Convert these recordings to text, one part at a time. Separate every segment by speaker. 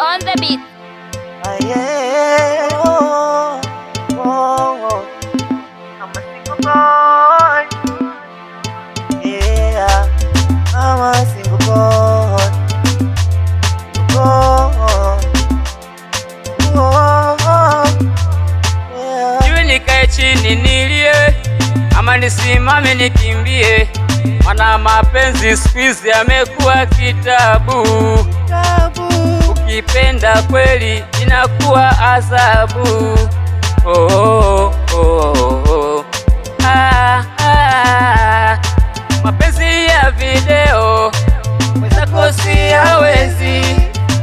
Speaker 1: on the beat.
Speaker 2: Juu nikae chini nilie, ama nisimame nikimbie, mana mapenzi siku hizi amekuwa kitabu ukipenda kweli inakuwa adhabu. oh, oh, oh, oh. Ah, ah. mapenzi ya video mwenzako si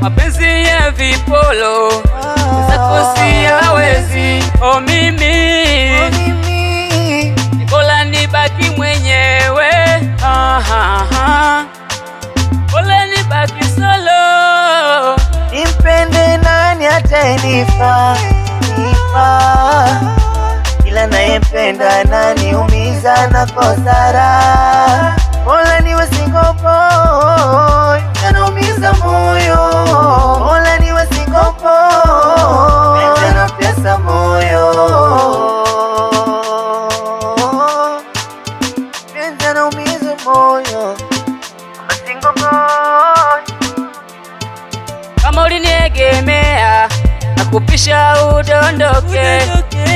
Speaker 2: mapenzi ya vipolo mwenzako si oh, mimi
Speaker 3: yote nifa nifa ila nayempenda naniumiza na kosara Mola ni wasingle boy kanaumiza moyo Mola ni wasingle boy kanapesa moyo Penza naumiza moyo
Speaker 2: kupisha udondoke,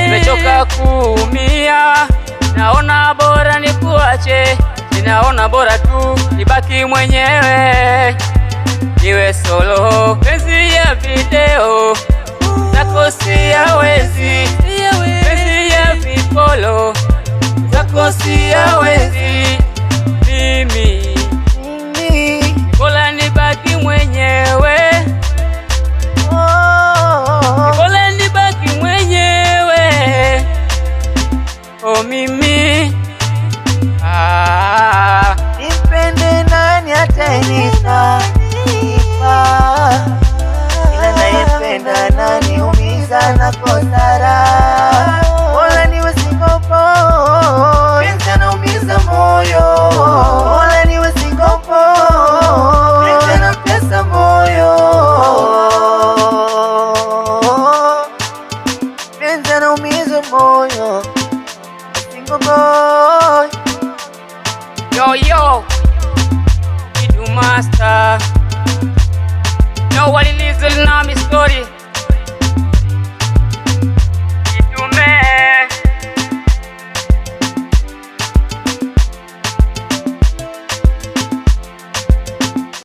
Speaker 2: nimechoka kuumia, naona bora nikuache, ninaona bora tu nibaki mwenyewe, niwe solo. Penzi ya video zako siyawezi, penzi ya vipolo zako siyawezi
Speaker 3: boy.
Speaker 2: Yo, yo, you do master. Nobody listen to my story.